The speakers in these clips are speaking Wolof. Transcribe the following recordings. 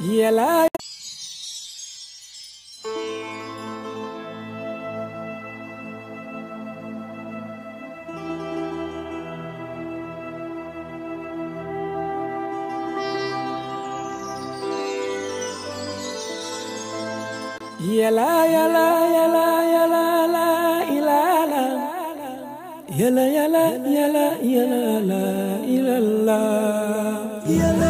yàlla yala yala yala yala la ilala yala yala yala yala la ilala yala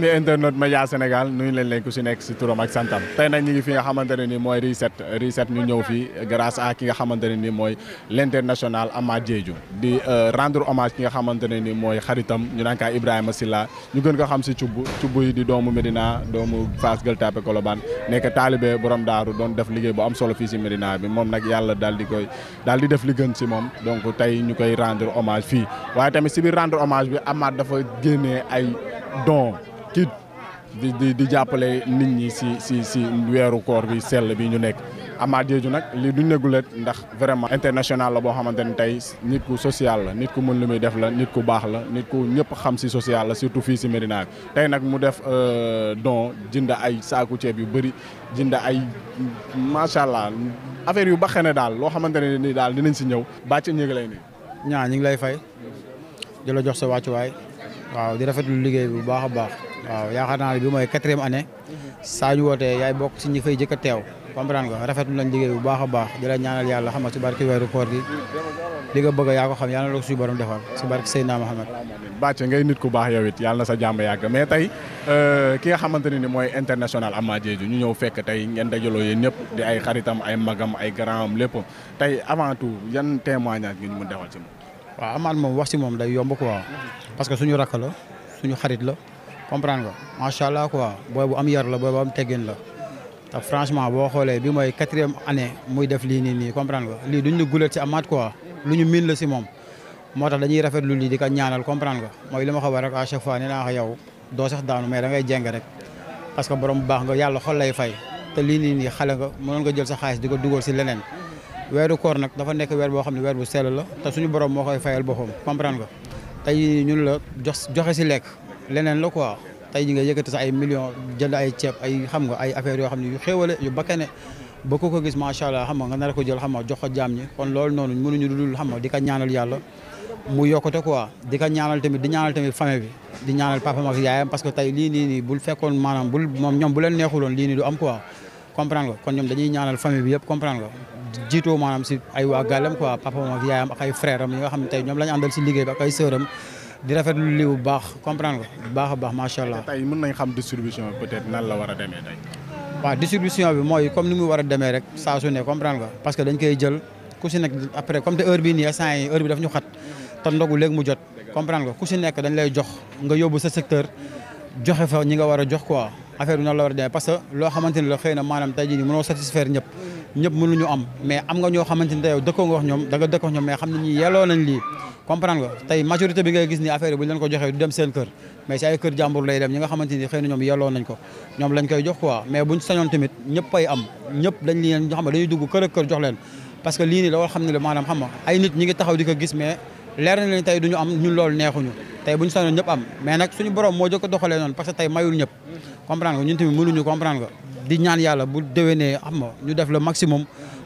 ami internet Média Sénégal nuyu leen leen ku si nekk si turam ak santam tey nag ñu ngi fi nga xamante ne nii mooy reset reset ñu ñëw fii grâce à ki nga xamante ne nii mooy l' international Amath Diédhiou di euh, rendre hommage ki nga xamante ne nii mooy xaritam ñu naan kaa Ibrahima Silla ñu gën ko xam si cubb cubb yi di doomu Médina doomu Fass Gueule Tapée Colobane nekk taalibe borom daaru doon def liggéey bu am solo fii si Médina bi moom nag yàlla daal di koy daal di def li gën si moom donc tey ñu koy rendre hommage fii waaye tamit si biir rendre hommage bi Amath dafa ay don ci di di di jàppale nit ñi si si si weeru koor bi sel bi ñu nekk Amath Diédhiou nag lii duñ negulet ndax vraiment international la boo xamante ne tey nit ku social la nit ku mën lu muy def la nit ku baax la nit ku ñëpp xam si social la surtout fii si Médina tey nag mu def euh, don jënd ay saaku ceeb yu bëri jënd ay macha allah affaire yu baxe ne daal loo xamante ne ni daal dinañ si ñëw bàcc ñëgi lay nii ñaa ñu ngi lay fay di la jox sa wàccuwaay waaw di rafetlu liggéey bi bu baax a baax waaw yaakaar naa ne bi mooy quatrième année saa ñu wootee yaay bokk si ñi fay jëkk a teew comprendre rafet rafetlu nañ liggéey bu baax a baax di la ñaanal yàlla xam nga si barki weeru koor gi li nga bëgg yaa ko xam yàlla na la ko suñu borom defal si barki Seydina Mohamed bàcce ngay nit ku baax yow it yàlla na sa jàmm yàgg mais tey euh, ki nga xamante ne ni mooy international Ama Diédhiou ñu ñëw fekk tey ngeen dajaloo yéen ñëpp di ay xaritam ay magam ay grandam lépp tey avant tout yan témoignage ngi ñu mën defal si moom waaw amaan wax si moom day yomb quoi parce que suñu rakk la suñu xarit la comprendre nga macha allah quoi booy bu am yar la booy bu am teggin la te franchement boo xoolee bi mooy quatrième année muy def lii nii nii comprendre nga lii duñ ñu gulet ci amaat quoi lu ñu miin la si moom. moo tax dañuy lu lii di ko ñaanal comprendre nga mooy li ma ko war rek à chaque fois nee naa ko yow doo sax daanu mais da ngay jeng rek parce que borom bu baax nga yàlla xol jël sa xaalis di ko dugal si leneen. weeru koor nag dafa nekk weer boo xam ne weer bu sell la te suñu borom moo koy fayal boppam comprendre nga tey ñun la jox joxe si leneen la quoi tey ji nga yëkkati sa ay millions jënd ay ceeb ay xam nga ay affaires yoo xam ne yu xéewale yu bakkane ba ku ko gis macha allah xam nga nga nar ko jël xam jox ko jaam ñi kon loolu noonu mënuñu dul xam nga di ko ñaanal yàlla mu yokkute quoi di ko ñaanal tamit di ñaanal tamit famille di ñaanal papaam yaayam parce que tey lii nii nii bul fekkoon maanaam bul moom ñoom bu leen neexuloon lii nii du am quoi comprendre nga kon ñoom dañuy ñaanal famille yëpp comprendre nga jiitoo nga xam ne ñoom lañu àndal si liggéey di rafetlu lii bu baax comprendre nga baax a baax macha allah. tey mën nañ xam distribution bi peut-être nan la war a demee tey. waaw distribution bi mooy comme ni mu war a demee rek saa su ne comprendre nga parce que dañ koy jël ku si nekk après comme te heure bii nii instant yi heure bi daf ñu xat te ndogu léegi mu jot. comprendre nga ku si nekk dañ lay jox nga yóbbu sa secteur joxe fa ñi nga war a jox quoi affaire bi nan la war a demee parce loo xamante ni la xëy na maanaam tey jii nii mënoo ñëpp. ñëpp mënuñu am mais am nga ñoo xamante ni ne ñi yelloo nañ lii comprendre nga tey majorité bi ngay gis ni affaire yi bu ñu ko joxee du dem seen kër nga xamante ni xëy na ko ñoom lañ koy jox quoi mais buñ sañoon tamit ñëpp am ñëpp dañ leen ñoo xam ne dañuy dugg kër jox leen parce que lii nii loolu xam ne la ngi taxaw di ko gis mais tey duñu am ñun loolu neexuñu tey bu ñu sañoon ñëpp am mais nag suñu borom moo jëkk doxalee noonu parce que tey mayul ñëpp comprendre nga ñun tamit mënuñu comprendre nga di ñaan yàlla bu déwénee xam nga ñu def le maximum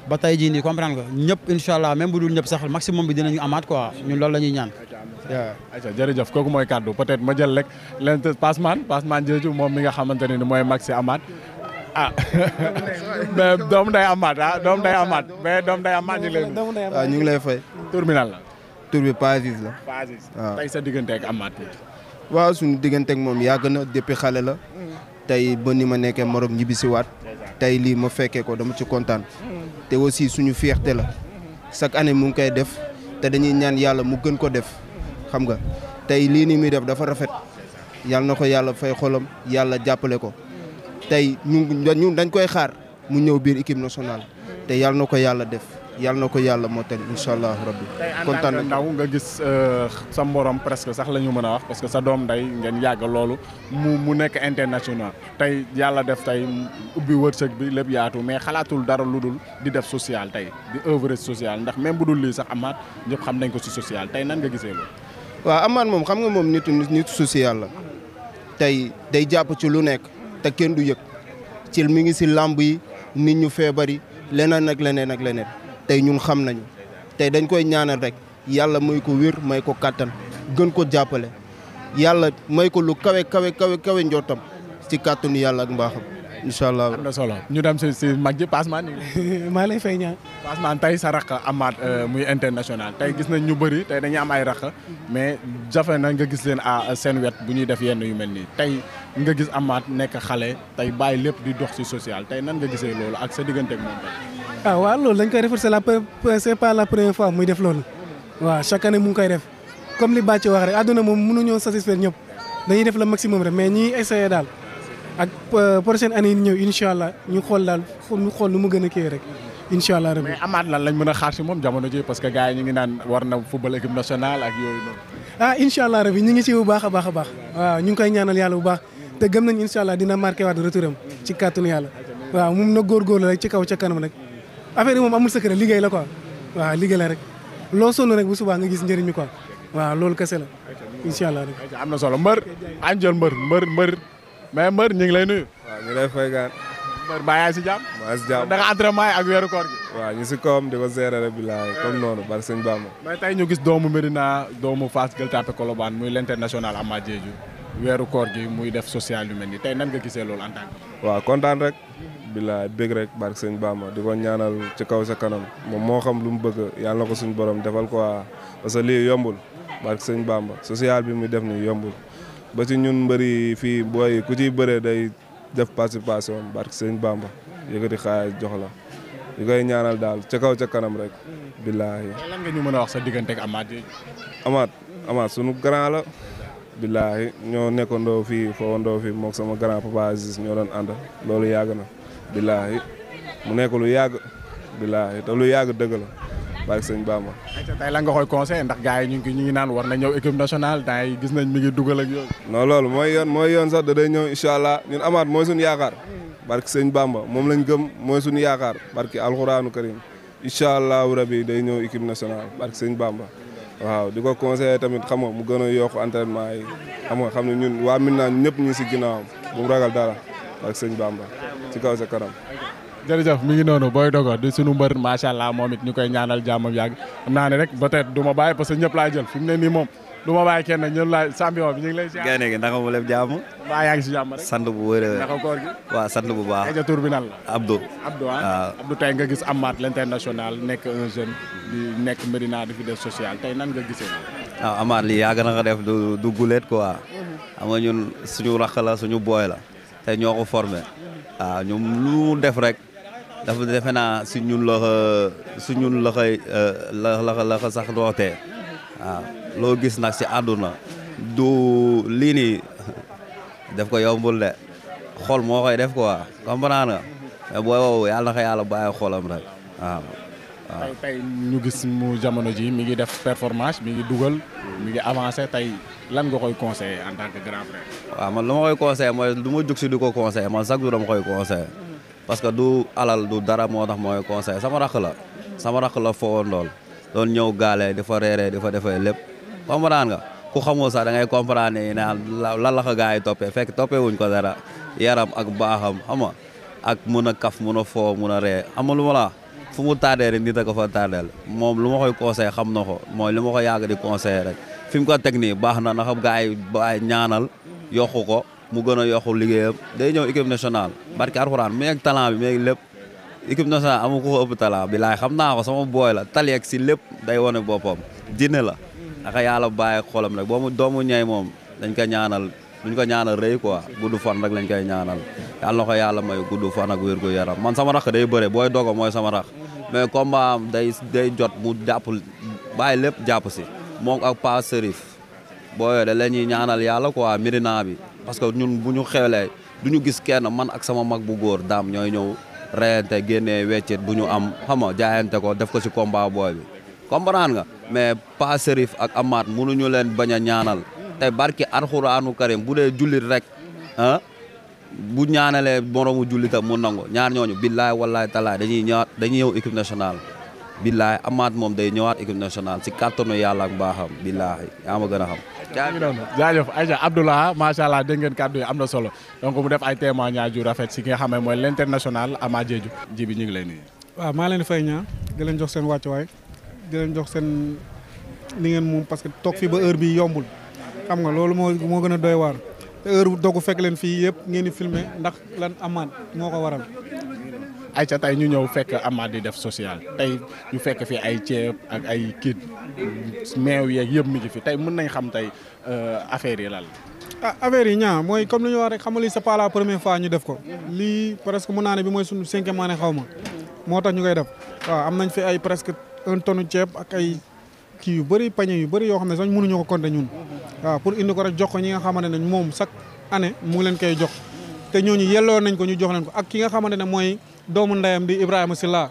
ba tey jii nii comprendre ñëpp incha allah même bu dul ñëpp sax maximum bi dinañu amaat quoi ñun loolu la ñuy ñaan. ayca jërëjëf kooku mooy kaddu peut-être ma jël rek leen Passeman Passeman jërëjëf moom mi nga xamante ne mooy Maxi Amath ah mais doomu day amaat ah doom day amaat mais doomu day amaat ñu ngi lay. waaw ah, ñu ngi lay fay. tur bi nan la. tur bi Pazis la. Pazis ah. sa diggante ak Amath. waaw suñu diggante ak moom yàgg na xale la. tey ba ni ma nekkee Maroc ñibbisiwaat tey lii ma fekkee ko dama ci kontaan te aussi suñu fierté la chaque année mu ngi koy def te dañuy ñaan yàlla mu gën ko def xam nga tey lii ni muy def dafa rafet yàlla na ko yàlla fay xolam yàlla jàppale ko tey ñu ñun dañ koy xaar mu ñëw biir équipe nationale te yàlla na ko yàlla def yàlla na ko yàlla moo teg incha allah rabbi kontaan ndaw nga gis euh, sa morom presque sax la ñu mën a wax parce que sa doom day ngeen yàgg loolu mu mu nekk international tey yàlla def tey ubbi wërsëg bi lépp yaatu mais xalaatul dara lu dul di def social tey di œuvre sociale ndax même bu dul lii sax amaat ñëpp xam nañ ko si social tey nan nga gisee loolu. waaw amaat moom xam nga moom nitu nitu social la tey day jàpp ci lu nekk te kenn du yëg ci mi ngi si làmb yi nit ñu feebar yi leneen nag leneen ak leneen. tey ñun xam nañu tey dañ koy ñaanal rek yàlla may ko wér may ko kàttan gën ko jàppale yàlla may ko lu kawe kawe kawe kawe njottam ci kàttanu yàlla ak mbaaxam incha allah am solo ñu dem si si mag ji Passemane maa lay fay ñaan Passemane tey sa raq amaat euh, muy international tey gis nañ ñu bëri dañuy am ay raq mais jafe na nga gis leen à seen wet bu ñuy def yenn yu mel nii tey nga gis amaat nekk xale tey bàyyi lépp di dox si sociale tey nan nga gisee loolu ak sa digganteeg moom tey ah waaw loolu dañ koy renforcer la c'est pas la première fois muy def loolu waaw chaque année mu ngi koy def comme li Bathie wax rek àdduna moom mënuñoo satisfaire ñëpp dañuy def le maximum rek mais ñiy essayer daal ak euh, prochaine année ñëw incha allah ñu xool daal ñu xool nu mu gën a kii rek incha allah. mais amaat lañ mën a xaar si moom jamono que gars yi ñu ngi naan war football équipe nationale ak yooyu noonu. ah incha allah rabi ñu ngi ci bu baax a baax a baax waaw ñu ngi koy ñaanal yàlla bu baax te gëm nañ incha allah dina marqué waat retour am ci kàttanu yàlla waaw moom na góorgóorlu rek ci kaw ca kanam rek affaire yi moom amul secret liggéey la quoi waaw liggéey la rek loo sonn rek bu subaa nga gis njëriñ mi ko waaw loolu kese la allah rek. am na solo mbër Angel mbër mbër mbër mais mbër ñu ngi lay nuyu. waaw ñu lay fay gaan. mbër mbaa yaa si jàmm. maa si jàmm da nga entraînement yi ak weeru koor gi. waaw ñu si koom di ko gérer rek bilaay eh. comme noonu bari sëñ Bamba. mais tey ñu gis doomu Medina doomu Fass Gueule Tapée Colobane muy l' international Ama Diédhiou weeru koor gi muy def social yu mel nii tey nan nga gisee loolu billaay bég rek barke sëñ Bamba di ko ñaanal ci kaw sa kanam moom moo xam lu mu bëgg yàlla na ko suñ borom defal ko parce que lii yombul barke sëñ Bamba social bi muy def nii yombul ba ci ñun mbëri fii booy ku ciy bëree day def participation barke sëñ Bamba yëkkati xaalis jox la ñu koy ñaanal daal ca kaw ca kanam rek. billaay. ñu mën a wax sa diggante ak Amath Amath Amath sunu grand la. billaay ñoo nekkandoo fii fowandoo fii mook sama grand papa Aziz ñoo doon ànd loolu yàgg na. billaahi mu nekk lu yàgg billaahi te lu yàgg dëgg la barke sëñ Bamba. tey la nga koy conseillé ndax gars yi ñu ngi ñu ngi naan war na ñëw équipe nationale temps gis na mi ngi dugal loolu mooy yoon mooy yoon day ñëw incha allah ñun amaat mooy suñu yaakaar barke sëñ Bamba moom lañ gëm mooy suñu yaakaar barke alxuraanu karim incha allahu rabi day ñëw équipe nationale barke sëñ Bamba. waaw di ko conseillé tamit xam nga mu gën a yokk entraînement yi xam nga xam ne ñun waa Minna ñëpp ngi si ginnaawam bu ragal dara. ak sëñ Bamba ci kaw sa kanam. jërëjëf mi ngi noonu booy dogo di sunu mbër macha allah moom it ñu koy ñaanal jàmm ak yàgg naa ne rek peut-être du ma bàyyi parce que ñëpp laa jël fi mu ne nii moom du ma bàyyi kenn ñun laa champion bi ñu ngi lay. ziar gaynde gi naka mu leb jàmm. mbaa yaa ngi si jàmm rek sant bu wërëwër naka koor gi. waaw sant bu baax rajo tur ah? tey nga gis amaat Amath l'international nekk un jeune di nekk Médina di fi def social tey nan nga gisee. waaw ah, Amath lii yàgg na nga def du du guleet quoi. Mm-hmm. xam nga ñun suñu rakk la suñu booy la te ñoo forme a waaw ñoom lu def rek dafa defe naa si ñun la ko si ñun la koy euh, la la ko sax dootee loo gis nag si àdduna du liini def ko yombul de xol moo koy def quoi comprendre nga mais booy wow yàlla na ko yàlla bàyyi xolam rek waaw. waaw ñu gis mu jamono ji mi ngi def performance mi ngi dugal mi ngi avancé tey. lan nga koy conseillé en tant que grand man lu ma koy conseillé mooy du ma jug si di ko conseillé man chaque jour dama koy conseillé mm-hmm. parce que du alal du dara moo tax mooy conseillé sama rakk la sama rakk la foowoon lool doon ñëw gaale di fa reeree di fa defee lépp comprendre nga ku xamul sax da ngay comprendre ne lan la ko gars yi toppee fekk toppee wuñ ko dara yaram ak baaxam xam nga ak mun a kaf mun a foo mun a ree lu ma la fu mu tardé rek nit a ko fa tardel moom lu ma koy conseillé xam na ko mooy li ma ko yàgg conseillé rek. fi ko teg nii baax na na xam gars yi ba ñaanal yokku ko mu gën a yokku liggéeyam day ñëw équipe nationale barke Alxuraan mi ak talent bi mi ak lépp équipe nationale amu ko ëpp talent bi laay xam naa ko sama booy la taleeg si lépp day wane boppam dina la aka yàlla baay xolam rek boo mu doomu ñaay moom dañ ko ñaanal duñ ko ñaanal rey quoi gudd fan rek lañ koy ñaanal yàlla na ko yàlla may gudd fan ak wér gu man sama rax day bëre booy dogo mooy sama rax mais combat am day day jot mu jàpp bàyyi lépp jàpp si moom ak Pa Serif booyoo da la ñuy ñaanal yàlla quoi Médina bi parce que ñun bu ñu xewlee du ñu gis kenn man ak sama mag bu góor daam ñooy ñëw reyante génnee weccet bu ñu am xam nga jaayante ko def ko si combat booy bi comprendre nga mais Pa Serif ak Amath mënuñu leen bañ a ñaanal te barki arxuraanu karim bu dee jullit rek ah bu ñaanalee moromu jullitam mu nangu ñaar ñooñu billaay wallaay talaay dañuy ñaar dañuy ñëw équipe nationale billaahi amaat moom day ñëwaat équipe nationale si kàttanu yàlla ak mbaaxam billaahi yaa ma gën a xam. jaajëf Aïcha Abdoulaye macha allah dégg ngeen kàddu am na solo donc mu def ay témoignage yu rafet si ki nga xam ne mooy l' international Ama ji bi ñu ngi lay nuyu. waaw maa leen fay ñaa di leen jox seen wàccuwaay di leen jox seen li ngeen moom parce que toog fii ba heure bi yombul xam nga loolu moo moo gën a doy waar te heure bu dogu fekk leen fii yëpp ngeen di filmer ndax lan amaat moo ko waral. ayca tey ñu ñëw fekk Amath di def social tey ñu fekk fi ay ceeb ak ay kiit meew yeeg yëpp mi ngi fi tey mën nañ xam tey euh, affaire yi lan ah affaire yi ñaa mooy comme li ñu wax rek xam nga lii c'est pas la fois ñu def ko lii presque mun naa mooy suñu cinquième xaw ma moo tax ñu koy def am nañ fi ay presque un tonne ceeb ak ay kii yu bëri panier yu bëri yoo xam ne sax mënuñu ko compter ñun waaw pour indi ko rek jox ko ñi nga xamante ne moom chaque année mu ngi leen koy jox te ñooñu yelloo nañ ko ñu jox leen ko ak ki nga xamante ne mooy doomu ndeyam di Ibrahima Silla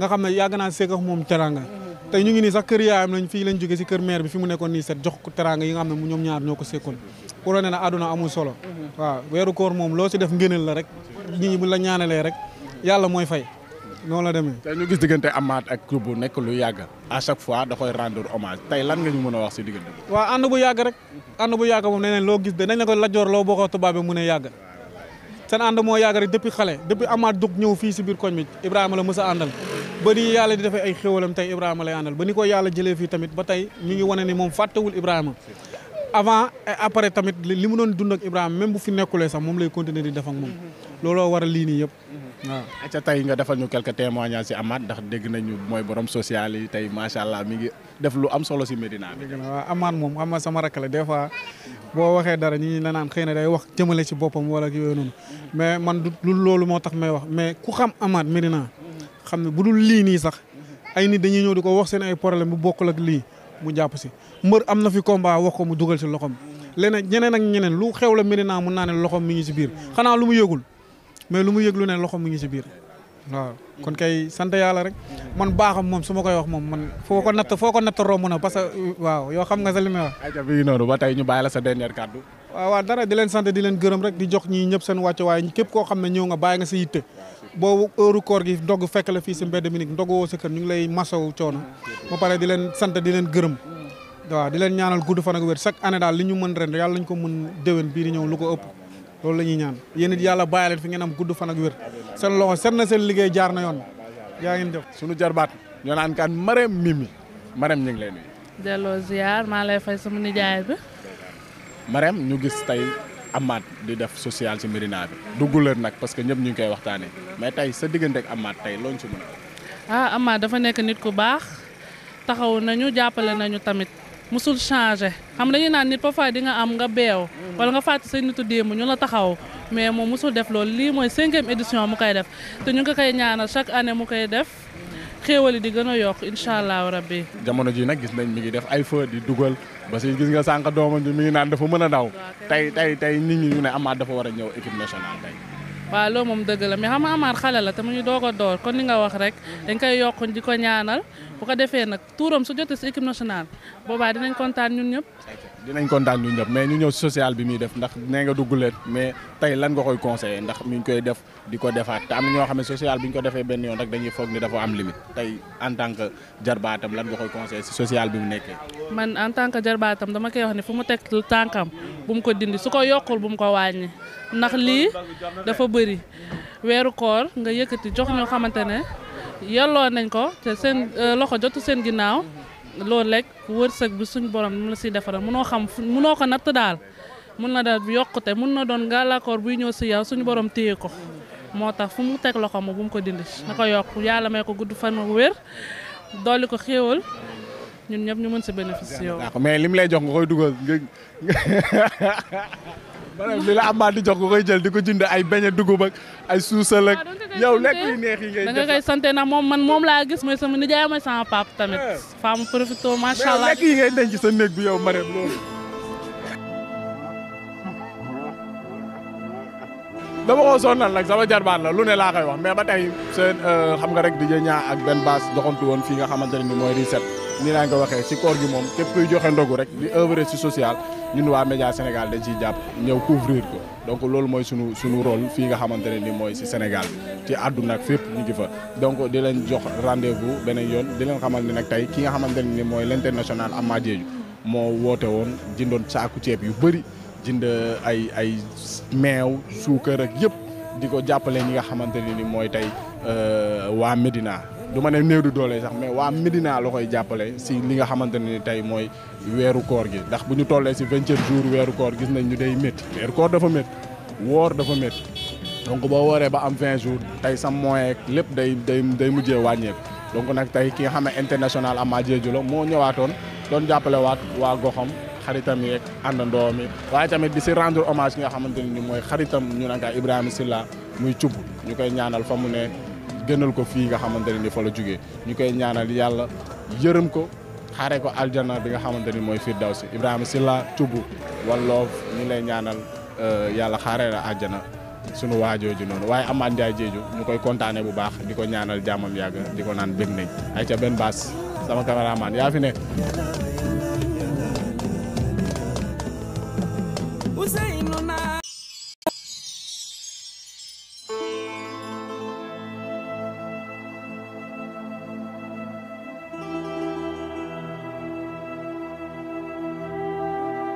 nga xam ne yàgg naa seek ak moom teranga tey ñu ngi nii sax kër yaayam lañ fii lañ jóge si kër maire bi fi mu nekkoon nii set jox ko teranga yi nga xam ne mu ñoom ñaar ñoo ko seekoon pour ne na àdduna amul solo waaw weeru koor moom loo si def ngëneel la rek ñi bu la ñaanalee rek yàlla mooy fay noonu la demee. tey ñu diggante Amath ak bu nekk lu yàgg à chaque fois da koy rendre hommage tey lan nga ñu mën a wax si diggante waa waaw ànd bu yàgg rek ànd bu yàgg moom nee nañ loo gis de nañ la ko lajoor loo boo ko tubaabee mu ne yàgg seen ànd moo yàgg rek xale depuis Amath Dug ñëw fii si biir koñ mi Ibrahima la mës a àndal ba ni yàlla di defee ay xéwalam tey Ibrahima lay àndal ba ni ko yàlla jëlee fii tamit ba tey ñu ngi wane ni moom fàttewul Ibrahima avant et après tamit li mu doon dund ak Ibrahima même bu fi nekkulee sax moom lay continuer di def ak moom mm-hmm. looloo a lii nii yëpp mm-hmm. waaw tey nga defal ñu quelques témoignages ci Amath ndax dégg nañu mooy borom social yi tey macha allah mi ngi def lu am solo ci Medina bi. na waaw Amath moom xam sama rakk des fois boo waxee dara ñi la naan xëy na day wax jëmale ci boppam wala ak yooyu mais man du loolu moo tax may wax mais ku xam Amath Medina xam ne bu dul lii nii sax ay nit dañuy ñëw di ko wax seen ay bu bokkul ak lii mu jàpp ci mbër am na fi combat wax ko mu dugal si loxoom leneen ñeneen ak ñeneen lu xew la Medina mun naa ne loxoom mi ngi si biir xanaa lu mu yëgul mais lu mu yëg lu ne loxo mu ngi ci biir waaw kon kay sant yàlla rek man baaxam moom su ma koy wax moom man foo ko natt foo ko natt na parce que waaw yoo xam nga sa li may wax. ayca leen sant di leen gërëm rek di jox ñi ñëpp seen wàcc waaye képp koo xam ne ñëw nga bàyyi nga sa yitte boobu heure koor gi ndog fekk la pare di leen sant di leen gërëm waaw di leen ñaanal gudd fan ak wér chaque année daal li ñu mën ren yàlla nañ ko mën déwén bii ñëw lu ko ëpp loolu la ñuy ñaan yéen it yàlla bàyyi leen fi ngeen am gudd fan ak wér seen loxo set na seen liggéey jaar na yoon yaa ngeen jëf suñu jarbaat ñoo naan kaan Marème Mimi Marème ñu ngi lay nuyu delloo ziar maa lay fay sama nijaay bi Marème ñu gis tey Amath di def social ci Médina bi duggulër nag parce que ñëpp ñu ngi koy waxtaane mais tey sa diggante ak Amath looñ ci mën a ah Amath dafa nekk nit ku baax taxaw nañu jàppale nañu tamit musul changé xam ñu naan nit parfois di nga am nga beew mm. wala nga fàtte sa nitu démb ñu la taxaw mais moom musul def loolu lii mooy cinquième édition mu koy def te ñu ngi koy ñaanal chaque année mu koy def xéewal yi a yokk incha allahu rabbi jamono ji nag gis nañ mi ngi def ay feu di dugal ba si gis nga sànq doomam bi mi ngi naan dafa mën a daw tey tey tey nit ñi ñu ne Amath dafa war a ñëw équipe nationale tey waaw loolu moom dëgg la mais xam nga Amath xale la te mu ngi doog a door kon ni nga wax rek dañ koy yokk di ko ñaanal bu ko defee nag tuuram su jotee si équipe nationale boobaa dinañ kontaan ñun ñëpp. dinañ kontaan ñun ñëpp mais ñu ñëw si social bi muy def ndax nee nga dugg leen mais tey lan nga koy conseil ndax mu ngi koy def di ko defaat te am ñoo xam ne social bi ñu ko defee benn yoon rek dañuy foog ni dafa am limite tey en tant que lan nga koy conseillé si social bi mu nekkee. man en tant que jarbaatam dama koy wax ne fu mu teg tànkam bu mu ko dindi su ko yokkul bu mu ko wàññi ndax lii dafa bëri weeru koor nga yëkkati jox ñoo xamante ne. yelloo nañ ko te seen euh, loxo jot seen ginnaaw loolu rek wërsëg bi suñ borom mu la siy defaral munoo xam munoo ko natt daal mun na daal yokkute mun na doon gàllankoor buy ñëw si yow suñu borom téye ko moo tax fu mu teg loxo ma bu ko dindi na ko yokk yàlla may ko gudd fan wér dolli ko xéewal ñun ñëpp ñu mën si bénéficier yow. mais lim lay jox nga maanaam li la amaat di jox nga koy jël di ko jënd ay beñe dugub ak ay suusal ak yow lekk yu neex yi nga koy ndax moom man moom laa gis mooy sama nijaay mooy sama pap tamit eh. faa mu profité macha allah lekk yi ngay denc sa yow Marème loolu dama ko sonal nag sama jarbaat la lu ne laa koy wax mais ba tey euh, xam nga rek di ñaa ak benn baas ti woon fi nga xamante ne ni mooy reset nii naa ko waxee si koor gi moom képp kuy joxe ndogu rek di œuvre si social ñun waa Média Sénégal dañ ciy jàpp ñëw couvrir ko donc loolu mooy sunu sunu rôle fii nga xamante ne nii mooy si Sénégal ci àdduna ak fépp ñu ngi fa donc di leen jox rendez-vous beneen yoon di leen xamal nag tey ki nga xamante ne nii mooy l'international am Diédhiou moo woote woon jindoon saaku ceeb yu bëri jënd ay ay meew suukar rek yëpp di ko jàppale ñi nga xamante ne ni mooy tey euh, waa Médina du ma ne néew doole sax mais waa Médina la koy jàppale si li nga xamante ne tey mooy weeru koor gi ndax bu ñu tollee si vingt-sept jours weeru koor gis nañ ñu day métti weeru koor dafa métti woor dafa met donc boo wooree ba am vingt jours tey sa moyen lépp day day day mujjee wàññeeku donc nag tey ki nga xam ne international Ama Diédhiou la moo ñëwaatoon doon jàppale waat waa goxam xaritam yeeg àndandoo mi waaye tamit di si rendre hommage ki nga xamante ne ni mooy xaritam ñu naan Ibrahima Silla muy cubb ñu koy ñaanal fa mu ne gënal ko fii nga xamante ne ni fa la jugee ñu koy ñaanal yàlla yërëm ko xaaree ko aljana bi nga xamante ni mooy firdawsi Ibrahima Silla Tubu walloof ñu lay ñaanal euh, yàlla xaaree la aljana sunu waajooju noonu waaye Amath Ndiaye Diédhiou ñu koy kontaanee bu baax di ko ñaanal jàmmam yàgg di ko naan bëgg nañ ay ca benn baas sama caméraman yaa fi ne.